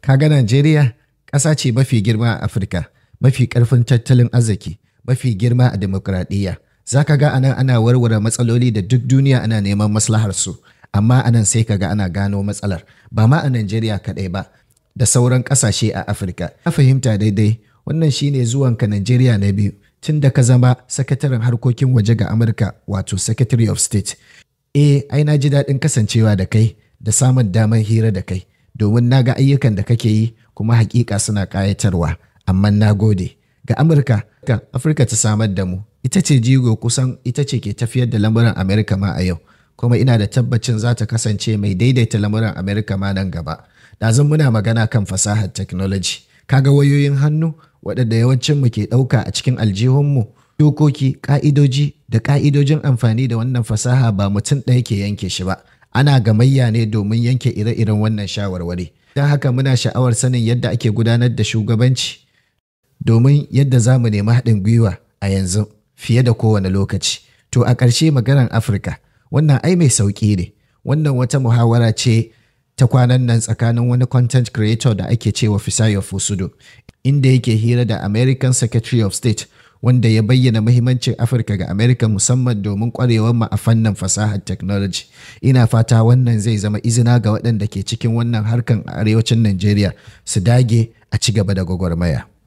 kaga Najeriya ƙasa ce mafi girma a Afirka, mafi ƙarfin tattalin arziki, mafi girma a demokradiyya. Za ka ga anan ana warware matsaloli da duk duniya ana neman maslahar su, amma anan sai ka ga ana gano matsalar, ba ma a Najeriya kaɗai ba, da sauran ƙasashe a Afirka. Na fahimta daidai, wannan shi shine zuwanka Najeriya na biyu, tun da ka zama sakataren harkokin waje ga Amurka, wato Secretary of State. Eh, ai na ji daɗin kasancewa da kai, da samun damar hira da kai. domin na ga ayyukan da kake yi kuma hakika suna ƙayatarwa amma na gode ga amurka kan afirka ta samar da mu ita ce jigo kusan ita ce ke tafiyar da lamuran Amurka ma a yau kuma ina da tabbacin za ta kasance mai daidaita lamuran Amurka ma nan gaba ɗazun muna magana kan fasahar technology kaga wayoyin hannu waɗanda yawancin mu ke ɗauka a cikin aljihunmu dokoki ƙa'idoji da ƙa'idojin amfani da wannan fasaha ba mutum ɗaya ke yanke shi ba ana gamayya ne domin yanke ire-iren wannan shawarwari don haka muna sha'awar sanin yadda ake gudanar da shugabanci domin yadda za mu nemi haɗin gwiwa a yanzu fiye da kowane lokaci to a ƙarshe maganar afirka wannan ai mai sauƙi ne wannan wata muhawara ce ta kwanan nan tsakanin wani content creator da ake cewa fisayo fusudo inda yake hira da american secretary of state wanda ya bayyana muhimmancin Afirka ga Amerika musamman domin kwarewar mu a fannin fasahar technology. Ina fata wannan zai zama izina ga waɗanda ke cikin wannan harkan a arewacin Najeriya su dage a ci gaba da gwagwarmaya.